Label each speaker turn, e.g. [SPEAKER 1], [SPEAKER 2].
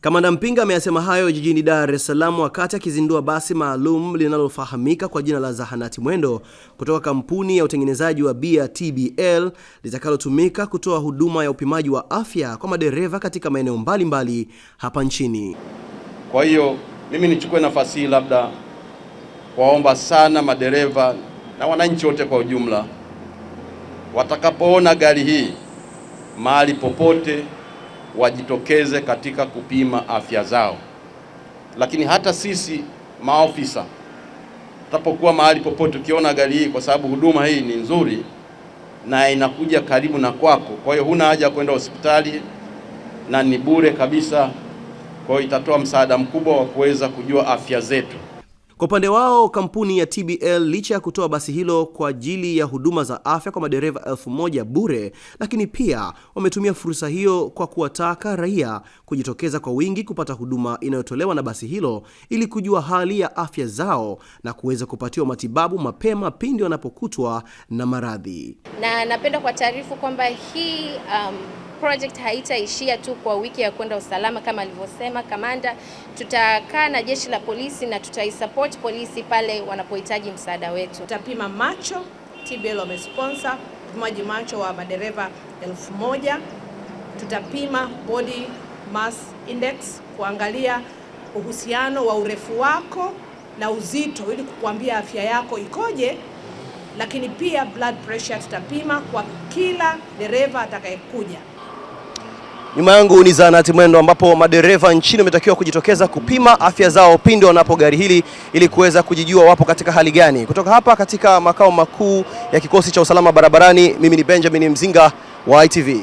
[SPEAKER 1] Kamanda Mpinga ameyasema hayo jijini Dar es Salaam wakati akizindua basi maalum linalofahamika kwa jina la Zahanati Mwendo kutoka kampuni ya utengenezaji wa bia TBL litakalotumika kutoa huduma ya upimaji wa afya kwa madereva katika maeneo mbalimbali hapa nchini.
[SPEAKER 2] Kwa hiyo mimi nichukue nafasi hii labda kuwaomba sana madereva na wananchi wote kwa ujumla watakapoona gari hii mahali popote wajitokeze katika kupima afya zao. Lakini hata sisi maofisa tutapokuwa mahali popote, ukiona gari hii, kwa sababu huduma hii ni nzuri na inakuja karibu na kwako, kwa hiyo huna haja ya kwenda hospitali na ni bure kabisa. Kwa hiyo itatoa msaada mkubwa wa kuweza kujua afya zetu.
[SPEAKER 1] Kwa upande wao kampuni ya TBL licha ya kutoa basi hilo kwa ajili ya huduma za afya kwa madereva elfu moja bure, lakini pia wametumia fursa hiyo kwa kuwataka raia kujitokeza kwa wingi kupata huduma inayotolewa na basi hilo ili kujua hali ya afya zao na kuweza kupatiwa matibabu mapema pindi wanapokutwa na maradhi.
[SPEAKER 3] Na napenda kwa taarifu kwamba hii um project haitaishia tu kwa wiki ya kwenda usalama kama alivyosema kamanda. Tutakaa na jeshi la polisi na tutaisupport polisi pale wanapohitaji msaada wetu.
[SPEAKER 4] Tutapima macho, TBL wamesponsor upimaji macho wa madereva elfu moja. Tutapima body mass index kuangalia uhusiano wa urefu wako na uzito ili kukuambia afya yako ikoje, lakini pia blood pressure tutapima kwa kila dereva atakayekuja.
[SPEAKER 1] Nyuma yangu ni zahanati mwendo ambapo madereva nchini wametakiwa kujitokeza kupima afya zao pindi wanapo gari hili ili kuweza kujijua wapo katika hali gani. Kutoka hapa katika makao makuu ya kikosi cha usalama barabarani, mimi ni Benjamin Mzinga wa ITV.